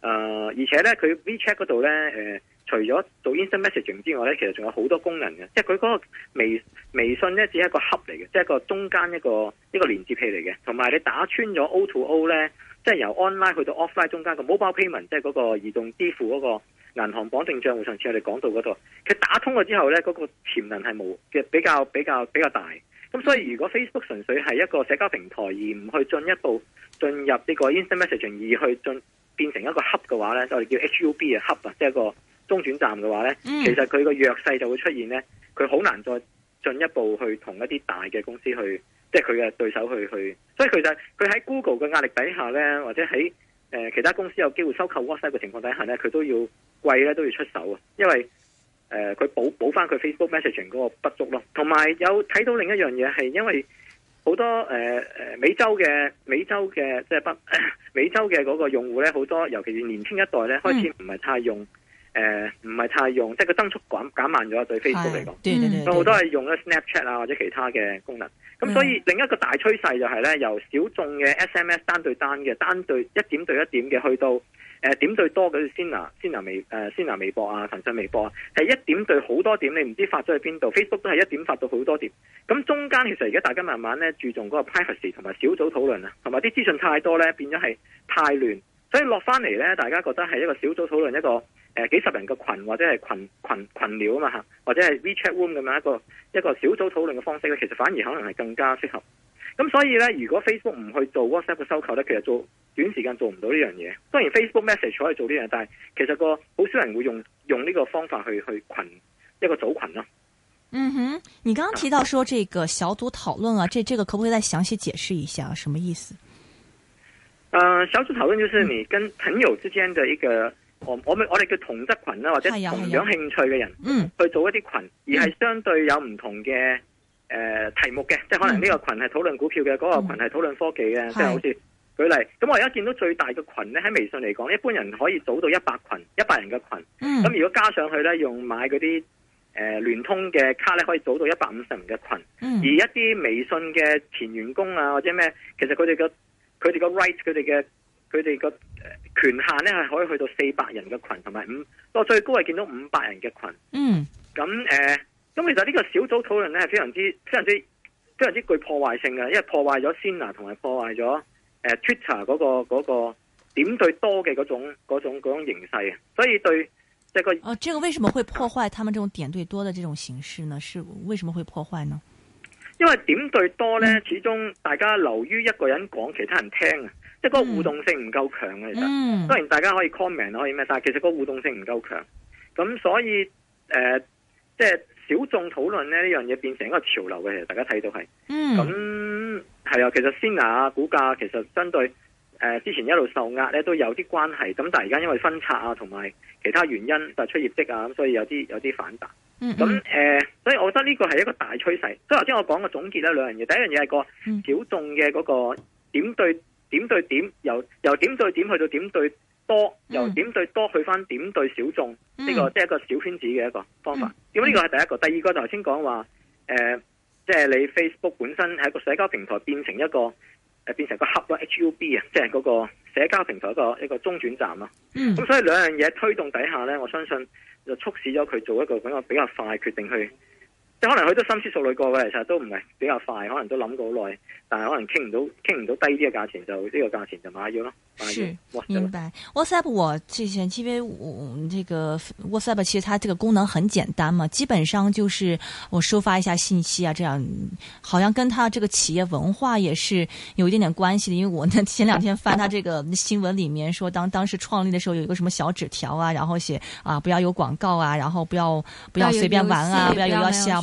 誒、呃，而且咧，佢 WeChat 嗰度咧，誒、呃，除咗做 Instant Messaging 之外咧，其實仲有好多功能嘅。即係佢嗰個微微信咧，只係一個盒嚟嘅，即係一個中間一個一個連接器嚟嘅。同埋你打穿咗 O to O 咧，即係由 online 去到 offline 中間個 mobile payment，即係嗰個移動支付嗰個銀行綁定賬戶，上次我哋講到嗰度，佢打通咗之後咧，嗰、那個潛能係冇嘅，比較比較比較大。咁所以如果 Facebook 純粹係一個社交平台而唔去進一步進入呢個 Instant Messaging 而去進變成一個 Hub 嘅話呢就叫 Hub 啊，Hub 啊，即係一個中轉站嘅話呢、嗯、其實佢個弱勢就會出現呢佢好難再進一步去同一啲大嘅公司去，即係佢嘅對手去去，所以其實、佢就係佢喺 Google 嘅壓力底下呢，或者喺、呃、其他公司有機會收購 WhatsApp 嘅情況底下呢，佢都要貴呢，都要出手啊，因為。誒佢、呃、補補翻佢 Facebook Messaging 嗰個不足咯，同埋有睇到另一樣嘢係因為好多誒、呃、美洲嘅美洲嘅即係北、呃、美洲嘅嗰個用戶咧，好多尤其是年輕一代咧，開始唔係太用誒，唔係、嗯呃、太用，即係個增速減減慢咗，對 Facebook 嚟講，佢好多係用咗 Snapchat 啊或者其他嘅功能。咁所以、嗯、另一個大趨勢就係、是、咧由小眾嘅 SMS 單對單嘅單對一點對一點嘅去到。誒、呃、點對多啲新浪新浪微新浪、呃、微博啊，騰訊微博啊，係一點對好多點，你唔知發咗去邊度，Facebook 都係一點發到好多點。咁中間其實而家大家慢慢咧注重嗰個 privacy 同埋小組討論啊，同埋啲資訊太多咧變咗係太亂，所以落翻嚟咧，大家覺得係一個小組討論一個誒、呃、幾十人嘅群，或者係群群群聊啊嘛嚇或者係 WeChat room 咁樣一個一個小組討論嘅方式咧，其實反而可能係更加適合。咁、嗯、所以咧，如果 Facebook 唔去做 WhatsApp 嘅收購咧，其實做短時間做唔到呢樣嘢。當然 Facebook Message 可以做呢樣，但係其實個好少人會用用呢個方法去去群一個組群咯、啊。嗯哼，你剛剛提到說這個小組討論啊，這、啊、這個可唔可以再詳細解釋一下什麼意思？嗯、啊，小組討論就是你跟朋友之間的一個，嗯、我們我我哋叫同質群、啊、或者同樣興趣嘅人，嗯，去做一啲群，嗯、而係相對有唔同嘅。誒、呃，題目嘅，即係可能呢個群係討論股票嘅，嗰、嗯、個群係討論科技嘅，嗯、即係好似是舉例。咁我而家見到最大嘅群咧，喺微信嚟講，一般人可以組到一百群，一百人嘅群。咁、嗯、如果加上去咧，用買嗰啲誒聯通嘅卡咧，可以組到一百五十人嘅群。嗯、而一啲微信嘅前員工啊，或者咩，其實佢哋嘅佢哋嘅 right，佢哋嘅佢哋嘅權限咧，係可以去到四百人嘅群，同埋五，個最高係見到五百人嘅群。嗯，咁誒。呃咁其實呢個小組討論咧係非常之非常之非常之具破壞性嘅，因為破壞咗 Sina 同埋破壞咗誒 Twitter 嗰、那個嗰、那個點對多嘅嗰種嗰種形勢啊，所以對即、這、係個哦、啊，這個為什麼會破壞他們這種點對多的這種形式呢？是為什麼會破壞呢？因為點對多咧，嗯、始終大家留於一個人講其他人聽啊，即係個互動性唔夠強啊，其實。嗯。當然大家可以 comment 可以咩，但係其實個互動性唔夠強，咁所以誒、呃，即係。小眾討論呢樣嘢變成一個潮流嘅，其實大家睇到係，咁係啊。其實仙雅股價其實針對誒、呃、之前一路受壓咧都有啲關係，咁但係而家因為分拆啊同埋其他原因就是、出業績啊，咁所以有啲有啲反彈。咁誒、mm hmm. 呃，所以我覺得呢個係一個大趨勢。所以頭先我講個總結咧兩樣嘢，第一樣嘢係個小眾嘅嗰個點對點對點，由由點對點去到點對多由點對多去翻點對小眾呢、嗯呢個即係、就是、一個小圈子嘅一個方法，咁呢、嗯、個係第一個。第二個頭先講話，即、呃、係、就是、你 Facebook 本身喺一個社交平台變成一個、呃，變成一個誒變成個核心 Hub 啊，即係嗰個社交平台一個一個中轉站咯。咁、嗯、所以兩樣嘢推動底下咧，我相信就促使咗佢做一個比較比較快決定去。即可能佢都深思熟慮過嘅，其實都唔係比較快，可能都諗過好耐。但係可能傾唔到，傾唔到低啲嘅價錢就呢、這個價錢就買咗咯。是明白。WhatsApp 我之前因為我這個 WhatsApp 其實它這個功能很簡單嘛，基本上就是我收發一下信息啊，這樣。好像跟它這個企業文化也是有一點點關係的。因為我呢前兩天翻它這個新聞裏面說，說當當時創立的時候有一個什麼小紙條啊，然後寫啊不要有廣告啊，然後不要不要隨便玩啊，遊戲不要有遊戲啊。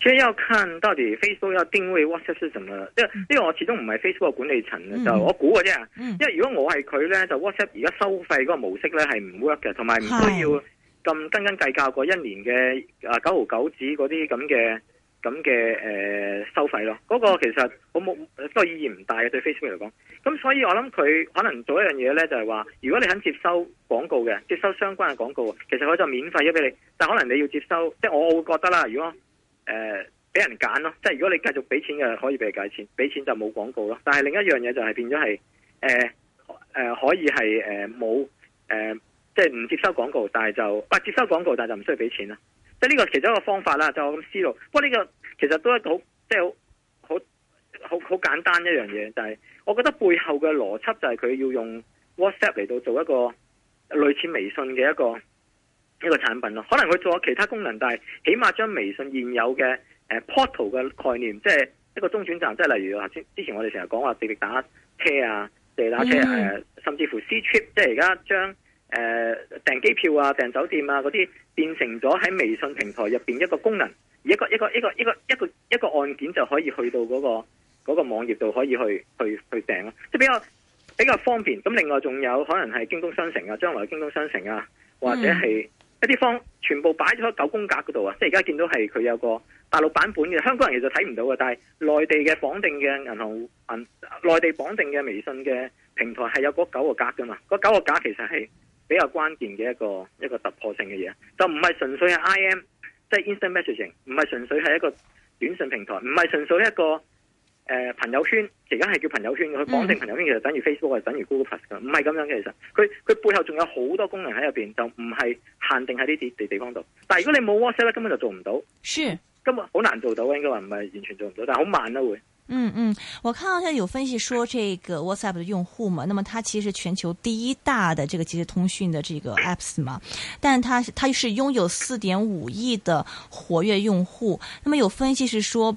先要看到底 Facebook 有定位 WhatsApp system 啊？即係呢個我始終唔係 Facebook 嘅管理層，嗯、就我估嘅啫。因為如果我係佢咧，就 WhatsApp 而家收費嗰個模式咧係唔 work 嘅，同埋唔需要咁斤斤計較過一年嘅九毫九子嗰啲咁嘅咁嘅誒收費咯。嗰、嗰個其實我冇個意義唔大嘅對 Facebook 嚟講。咁所以我諗佢可能做一樣嘢咧，就係話如果你肯接收廣告嘅，接收相關嘅廣告，其實佢就免費咗俾你。但可能你要接收，即係我會覺得啦，如果。誒，俾、呃、人揀咯，即係如果你繼續俾錢嘅，可以俾佢解錢；俾錢就冇廣告咯。但係另一樣嘢就係變咗係，誒、呃、誒、呃，可以係誒冇誒，即係唔接收廣告，但係就不、呃、接收廣告，但係就唔需要俾錢啦。即係呢個其中一個方法啦，就我咁思路。不過呢個其實都係好，即係好好好好簡單一樣嘢，就係、是、我覺得背後嘅邏輯就係佢要用 WhatsApp 嚟到做一個類似微信嘅一個。一個產品咯，可能佢做咗其他功能，但係起碼將微信現有嘅誒、呃、portal 嘅概念，即係一個中轉站，即係例如話，之之前我哋成日講話滴滴打車啊，滴滴打車啊，呃 mm hmm. 甚至乎 Ctrip，即係而家將誒、呃、訂機票啊、訂酒店啊嗰啲變成咗喺微信平台入面一個功能，一個一個一個一個一個一個按鍵就可以去到嗰、那個那個網頁網頁度可以去去去訂咯，即係比較比較方便。咁另外仲有可能係京東商城啊，將來京東商城啊，或者係。Mm hmm. 一啲方全部擺咗喺九宮格嗰度啊！即係而家見到係佢有個大陸版本嘅，香港人其實睇唔到嘅。但係內地嘅綁定嘅銀行、內地綁定嘅微信嘅平台係有嗰九個格㗎嘛？嗰九個格其實係比較關鍵嘅一個一個突破性嘅嘢，就唔係純粹係 IM，即係 Instant Messaging，唔係純粹係一個短信平台，唔係純粹是一個。誒、呃，朋友圈而家係叫朋友圈嘅，佢綁定朋友圈其實等於 Facebook，係等於 Google Plus 㗎唔、嗯、係咁樣嘅。其實佢佢背後仲有好多功能喺入邊，就唔係限定喺呢啲地地方度。但係如果你冇 WhatsApp 咧，根本就做唔到。是，根本好難做到，應該話唔係完全做唔到，但係好慢啦、啊、會。嗯嗯，我看到有分析說，這個 WhatsApp 的用戶嘛，那麼它其實是全球第一大的這個即時通訊的這個 apps 嘛，但它它是擁有四點五億的活躍用戶，那麼有分析是說。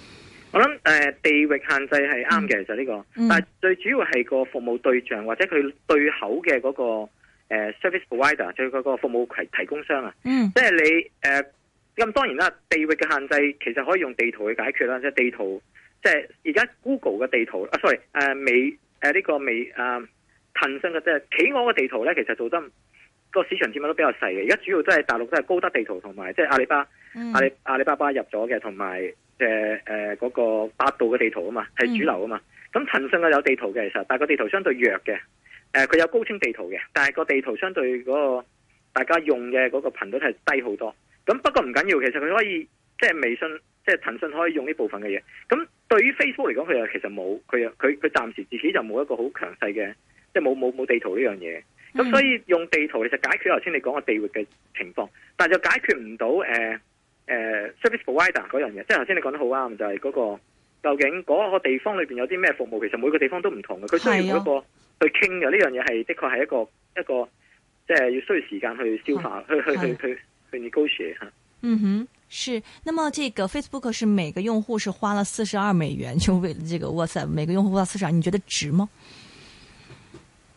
我諗誒、呃，地域限制係啱嘅，嗯、就呢、這個。嗯、但係最主要係個服務對象或者佢對口嘅嗰、那個誒、呃、service provider，就係嗰個服務提供商啊。嗯。即係你誒咁，呃、當然啦，地域嘅限制其實可以用地圖去解決啦。即、就、係、是、地圖，即、就、係、是、而家 Google 嘅地圖啊，sorry，誒未誒呢個未誒騰訊嘅即係企鵝嘅地圖咧，其實做得、那個市場占有率都比較細嘅。而家主要陸都係大陸都係高德地圖同埋即係阿里巴巴、嗯、阿里阿里巴巴入咗嘅，同埋。嘅誒，嗰、呃那個百度嘅地圖啊嘛，係主流啊嘛。咁騰訊係有地圖嘅，其實，但個地圖相對弱嘅。誒、呃，佢有高清地圖嘅，但係個地圖相對嗰個大家用嘅嗰個頻率係低好多。咁不過唔緊要，其實佢可以即係微信，即係騰訊可以用呢部分嘅嘢。咁對於 Facebook 嚟講，佢又其實冇，佢又佢佢暫時自己就冇一個好強勢嘅，即係冇冇冇地圖呢樣嘢。咁、嗯、所以用地圖其實解決頭先你講嘅地域嘅情況，但係就解決唔到誒。呃誒，service provider 嗰樣嘢，即係頭先你講得好啱，就係、是、嗰、那個究竟嗰個地方裏邊有啲咩服務，其實每個地方都唔同嘅，佢需要每一個去傾嘅呢樣嘢，係、啊、的確係一個一個即係要需要時間去消化，啊、去去、啊、去去去 negotiate。嗯哼，是。那麼這個 Facebook 是每個用戶是花了四十二美元，就為咗這個，WhatsApp，每個用戶花四十二，你覺得值嗎？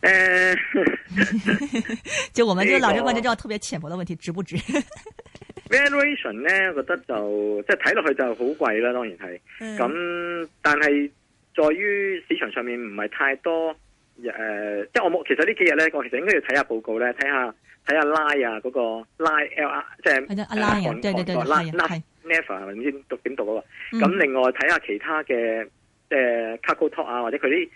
誒、呃， 就我們老就老是問啲知道特別淺薄的問題，值不值？ valuation 咧，我覺得就即係睇落去就好貴啦，當然係。咁但係在於市場上面唔係太多，誒、呃，即、就、係、是、我冇。其實幾呢幾日咧，我其實應該要睇下報告咧，睇下睇下拉啊、那個，嗰個拉 L R，即係拉人對對對拉拉 Never，唔知讀點讀噶喎。咁另外睇下其他嘅，即係 KakaoTalk 啊，或者佢啲。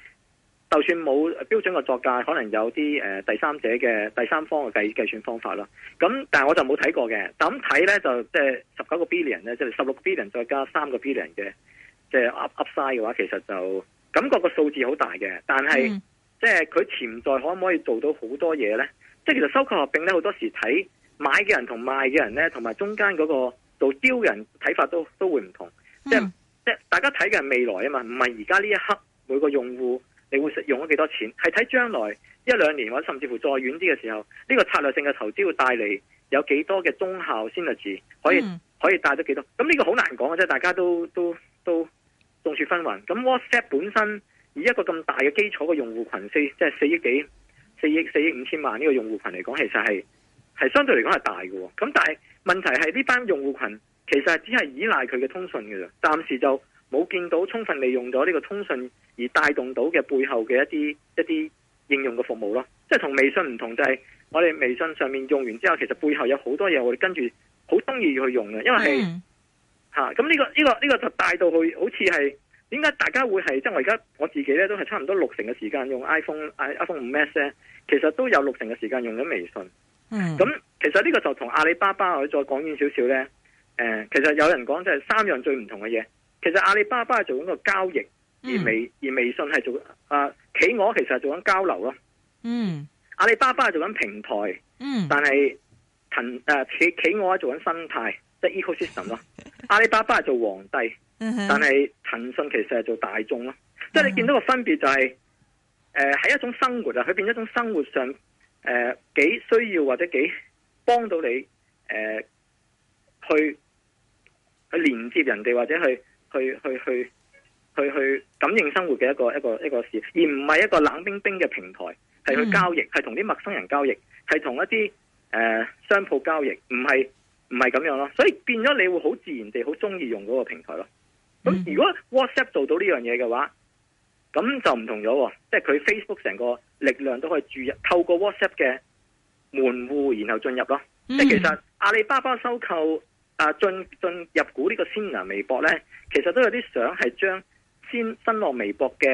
就算冇標準嘅作價，可能有啲誒、呃、第三者嘅第三方嘅計計算方法咯。咁但係我就冇睇過嘅。咁睇呢，就即係十九個 billion 呢，即係十六 billion 再加三個 billion 嘅，即係 upside 嘅話，其實就感覺個數字好大嘅。但係、嗯、即係佢潛在可唔可以做到好多嘢呢？即係其實收購合併呢，好多時睇買嘅人同賣嘅人呢，同埋中間嗰個做丟人睇法都都會唔同。嗯、即係大家睇嘅係未來啊嘛，唔係而家呢一刻每個用戶。你會用咗幾多錢？係睇將來一兩年或者甚至乎再遠啲嘅時候，呢個策略性嘅投資會帶嚟有幾多嘅忠效先至，可以可以帶得幾多？咁呢個好難講嘅，即係大家都都都眾說紛紜。咁 WhatsApp 本身以一個咁大嘅基礎嘅用戶群，四即係四億幾、四億四億五千萬呢個用戶群嚟講，其實係係相對嚟講係大嘅。咁但係問題係呢班用戶群其實係只係依賴佢嘅通訊嘅啫，暫時就。冇見到充分利用咗呢個通訊而帶動到嘅背後嘅一啲一啲應用嘅服務咯，即係同微信唔同，就係、是、我哋微信上面用完之後，其實背後有好多嘢我哋跟住好中意去用嘅，因為係嚇咁呢個呢、這個呢、這個就帶到去好似係點解大家會係即係我而家我自己咧都係差唔多六成嘅時間用 iPhone, iPhone iPhone 五 s 咧其實都有六成嘅時間用緊微信。咁、mm. 嗯、其實呢個就同阿里巴巴我再講遠少少咧，誒、呃，其實有人講就係三樣最唔同嘅嘢。其實阿里巴巴係做緊個交易，而微、嗯、而微信係做啊，企鵝其實係做緊交流咯。嗯，阿里巴巴係做緊平台，嗯，但係騰誒企企鵝做緊生態，即係 ecosystem 咯。 阿里巴巴係做皇帝，嗯哼但係騰訊其實係做大眾咯。即係、嗯、哼你見到個分別就係、是，誒、呃、喺一種生活啊，佢變成一種生活上誒、呃、幾需要或者幾幫到你誒、呃、去去連接人哋或者去。去去去去去感應生活嘅一個一個一個事，而唔係一個冷冰冰嘅平台，係去交易，係同啲陌生人交易，係同一啲誒、呃、商鋪交易，唔係唔係咁樣咯。所以變咗你會好自然地好中意用嗰個平台咯。咁、嗯、如果 WhatsApp 做到呢樣嘢嘅話，咁就唔同咗喎。即係佢 Facebook 成個力量都可以注入，透過 WhatsApp 嘅門戶然後進入咯。嗯、即係其實阿里巴巴收購。啊，進，進入股呢個新浪微博呢，其實都有啲想係將新新浪微博嘅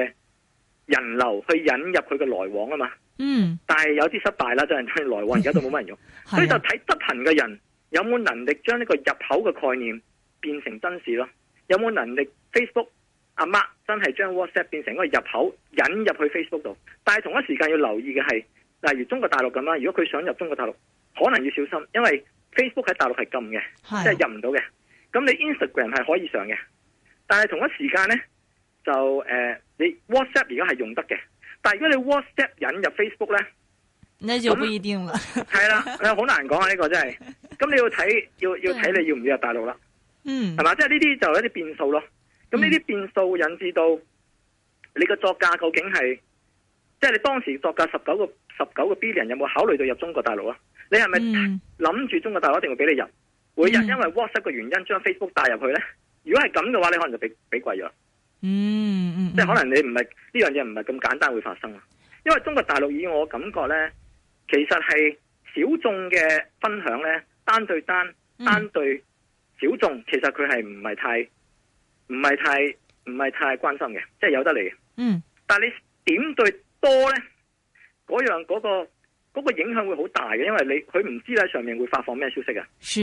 人流去引入佢嘅來往啊嘛。嗯，但係有啲失敗啦，真、就、係、是、來往而家 都冇乜人用。 所以就睇執行嘅人有冇能力將呢個入口嘅概念變成真事咯。有冇能力 Facebook 阿、啊、Mark 真係將 WhatsApp 變成一個入口引入去 Facebook 度？但係同一時間要留意嘅係，例如中國大陸咁啦，如果佢想入中國大陸，可能要小心，因為。Facebook 喺大陸係禁嘅，是啊、即係入唔到嘅。咁你 Instagram 係可以上嘅，但係同一時間咧就誒、呃，你 WhatsApp 而家係用得嘅。但係如果你 WhatsApp 引入 Facebook 咧，那就不一定啦。係啦那，好、 啊、難講啊呢 個真係。咁你要睇，要要睇你要唔要入大陸啦。嗯，係嘛，即係呢啲就一啲變數咯。咁呢啲變數引致到你個作價究竟係，嗯、即係你當時作價十九個十九個 billion 有冇考慮到入中國大陸啊？你係咪諗住中國大陸一定會俾你入？每日、嗯、因為 WhatsApp 嘅原因將 Facebook 帶入去呢？如果係咁嘅話，你可能就俾俾貴咗、嗯。嗯嗯，即係可能你唔係呢樣嘢唔係咁簡單會發生。因為中國大陸以我感覺呢其實係小眾嘅分享呢單對單、嗯、單對小眾，其實佢係唔係太唔係太唔係太關心嘅，即、就、係、是、有得嚟嘅。嗯、但係你點對多呢嗰樣嗰、那個。嗰個影響會好大嘅，因為你佢唔知喺上面會發放咩消息啊。是。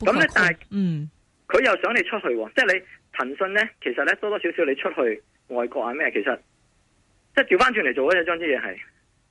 咁咧，但係，嗯，佢又想你出去，即係你騰訊咧，其實咧多多少少你出去外國啊咩，其實即係調翻轉嚟做嗰隻樁啲嘢係，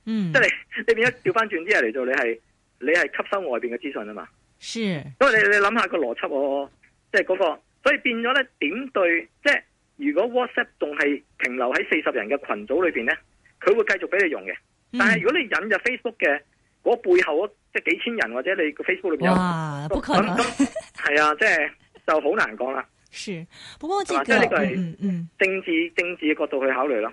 嗯，即係你，你變咗調翻轉啲嘢嚟做，你係你係吸收外邊嘅資訊啊嘛。是。因為你你諗下個邏輯哦，即係嗰個，所以變咗咧點對，即係如果 WhatsApp 仲係停留喺四十人嘅群組裏邊咧，佢會繼續俾你用嘅。嗯、但係如果你引入 Facebook 嘅背後嗰即係幾千人或者你 Facebook 裏邊有咁咁係啊，即係哇都就好、是、難講啦。是，不過呢、呢個嗯嗯政治嗯嗯政治嘅角度去考慮咯。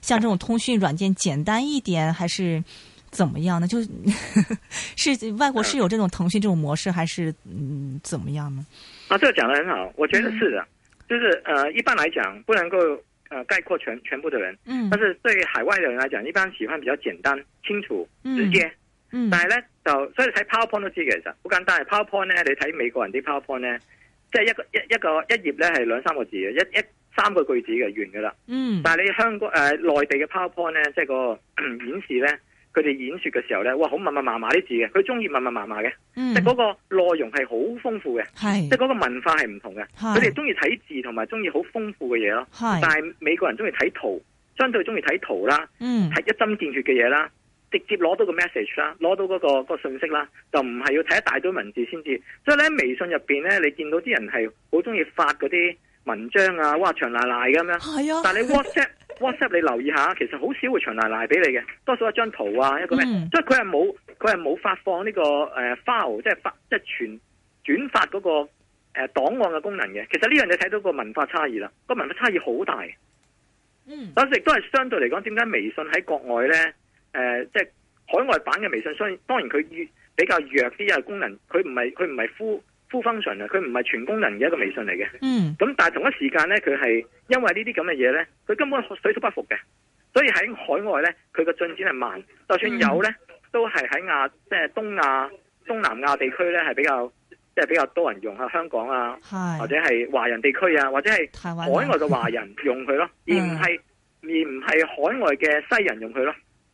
像這種通訊軟件簡單一點還是怎麼樣呢？就是 是外國是有這種騰訊這種模式還是嗯怎麼樣呢？啊，這個講得很好，我覺得是的，嗯、就是呃，一般來講不能夠呃概括全全部的人，嗯，但是對於海外的人來講，一般喜歡比較簡單、清楚、直接，嗯，但係咧就所以睇 PowerPoint 都知其實不敢單，單，PowerPoint 呢，你睇美國人啲 PowerPoint 呢，即係一個一一個一頁咧係兩三個字嘅，一一,一。一三個句子嘅完嘅啦，嗯、但係你香港誒、呃、內地嘅 PowerPoint 咧，即係個演示咧，佢哋演說嘅時候咧，哇，好密密麻麻啲字嘅，佢中意密密麻麻嘅，嗯、即係嗰個內容係好豐富嘅，是即係嗰個文化係唔同嘅，佢哋中意睇字同埋中意好豐富嘅嘢咯。是但係美國人中意睇圖，相對中意睇圖啦，係、嗯、一針見血嘅嘢啦，直接攞到個 message 啦、那個，攞到嗰個信息啦，就唔係要睇一大堆文字先至。所以咧，微信入邊咧，你見到啲人係好中意發嗰啲。文章啊，哇，長瀨瀨咁樣，啊、但係你 WhatsApp，WhatsApp 你留意一下，其實好少會長瀨瀨俾你嘅，多數一張圖啊，一個咩，即係佢係冇，佢係冇發放呢、這個誒、呃、file，即係發即係傳轉發嗰、那個誒、呃、檔案嘅功能嘅。其實呢樣嘢睇到個文化差異啦，那個文化差異好、那個、大。嗯，咁亦都係相對嚟講，點解微信喺國外咧？誒、呃，即、就、係、是、海外版嘅微信，雖然當然佢越比較弱啲，因功能佢唔係佢唔係 full。full function 啊，佢唔係全功能嘅一個微信嚟嘅。嗯，咁但係同一時間咧，佢係因為呢啲咁嘅嘢咧，佢根本水土不服嘅，所以喺海外咧，佢個進展係慢。就算有咧，都係喺亞即係東亞、東南亞地區咧係比較即係、就是、比較多人用啊，香港啊，是或者係華人地區啊，或者係海外嘅華人用佢咯，而唔係、嗯、而唔係海外嘅西人用佢咯。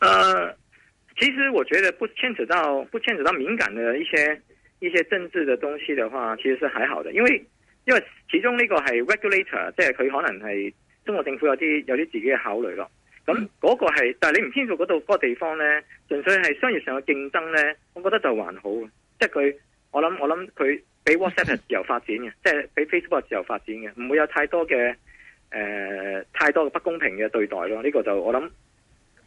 呃，uh, 其實我覺得不牽扯到不牽扯到敏感的一些一些政治的東西的話，其實是還好的，因為因為始終呢個係 regulator，即係佢可能係中國政府有啲有啲自己嘅考慮咯。咁嗰個係，但係你唔牽涉嗰度嗰個地方呢，純粹係商業上嘅競爭呢，我覺得就還好。即係佢，我諗我諗佢俾 WhatsApp 係自由發展嘅，即係俾 Facebook 係自由發展嘅，唔會有太多嘅誒、呃、太多嘅不公平嘅對待咯。呢、呢個就我諗。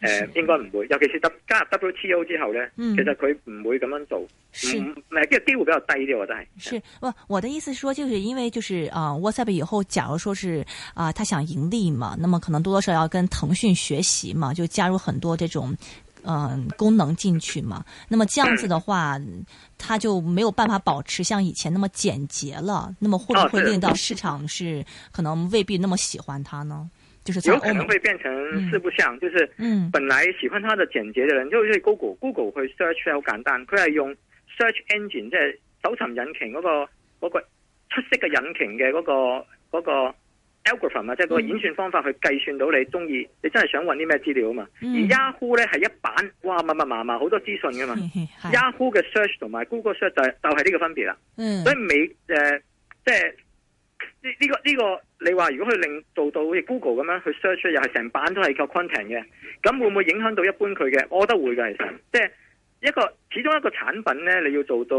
誒、呃，應該唔會，尤其是加入 WTO 之後呢，嗯、其實佢唔會咁樣做，唔唔係，即係機會比較低啲，我覺得係。是，我的意思說，就是因為，就是啊、呃、，WhatsApp 以後假如說是啊、呃，他想盈利嘛，那麼可能多多少少要跟騰訊學習嘛，就加入很多這種，嗯、呃，功能進去嘛，那麼這樣子的話，嗯、他就沒有辦法保持像以前那麼簡潔了，那麼會不會令到市場是可能未必那麼喜歡他呢？有可能會變成四不像，嗯、就是本來喜歡他的簡潔的人，嗯、就用 Go Google，Google 去 search 好簡單，佢係用 search engine，即係搜尋引擎嗰、嗰個、嗰個出色嘅引擎嘅嗰、嗰個、嗰個 algorithm 啊，即係嗰個演算方法去計算到你中意，嗯、你真係想揾啲咩資料啊嘛。嗯、而 Yahoo 咧係一版，哇密密麻麻好多資訊噶嘛。嘿嘿 Yahoo 嘅 search 同埋 Google search 就係、就係、是、呢個分別啦。嗯、所以美，誒即係。就是呢、這個、這個呢你話如果佢令做到好似 Google 咁樣去 search 又係成版都係靠 content 嘅，咁會唔會影響到一般佢嘅？我覺得會嘅，其實即係一個始終一個產品咧，你要做到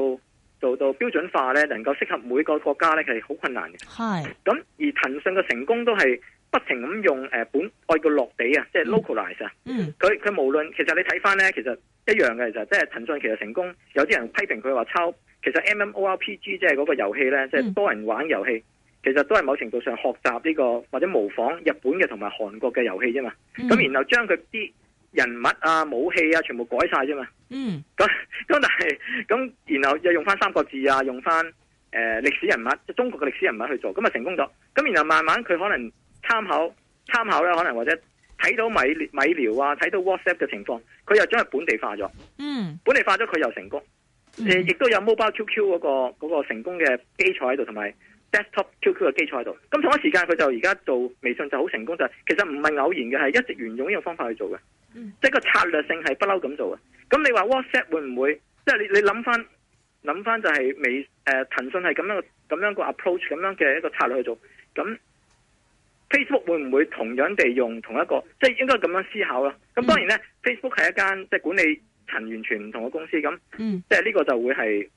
做到標準化咧，能夠適合每個國家咧，其實好困難嘅。係是。咁而騰訊嘅成功都係不停咁用本愛個落地啊，即係 localize 啊。嗯。佢佢無論其實你睇翻咧，其實一樣嘅其實，即係騰訊其實成功，有啲人批評佢話抄，其實 MMO RPG 即係嗰個遊戲咧，即、就、係、是、多人玩遊戲。嗯其實都係某程度上學習呢、這個或者模仿日本嘅同埋韓國嘅遊戲啫嘛，咁、嗯、然後將佢啲人物啊、武器啊，全部改晒啫嘛。嗯。咁咁但係咁然後又用翻三國志啊，用翻誒、呃、歷史人物，中國嘅歷史人物去做，咁啊成功咗。咁然後慢慢佢可能參考參考啦，可能或者睇到米米聊啊，睇到 WhatsApp 嘅情況，佢又將佢本地化咗。嗯。本地化咗佢又成功，亦都、嗯、有 Mobile QQ 嗰、那個、那個成功嘅基礎喺度，同埋。Desktop QQ 嘅基礎喺度，咁同一時間佢就而家做微信就好成功，就係其實唔係偶然嘅，係一直沿用呢個方法去做嘅，即係個策略性係不嬲咁做嘅。咁你話 WhatsApp 會唔會，即係你你諗翻諗翻就係微誒騰訊係咁樣咁樣個 approach，咁樣嘅一個策略去做，咁 Facebook 會唔會同樣地用同一個，即係應該咁樣思考咯、啊。咁當然咧、嗯、Facebook 係一間即係管理層完全唔同嘅公司，咁即係呢個就會係。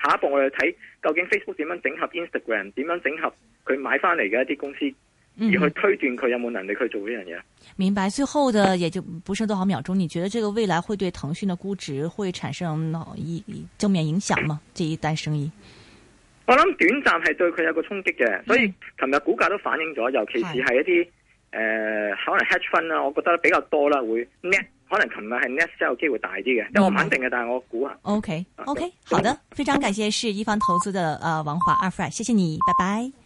下一步我哋睇究竟 Facebook 點樣整合 Instagram，點樣整合佢買翻嚟嘅一啲公司，而去推斷佢有冇能力去做呢樣嘢。明白，最後的也就唔剩多少秒鐘。你覺得這個未來會對騰訊的估值會產生一正面影響嗎？這一單生意，我諗短暫係對佢有一個衝擊嘅，所以琴日股價都反映咗，尤其是係一啲誒的、呃、可能 hedge fund 啦，我覺得比較多啦，會咩？可能琴日係 next 真係機會大啲嘅，因為我唔肯定嘅，Okay. 但係我估吓。O K O K，好的，非常感謝是一方投資的呃王華二 friend，謝謝你，拜拜。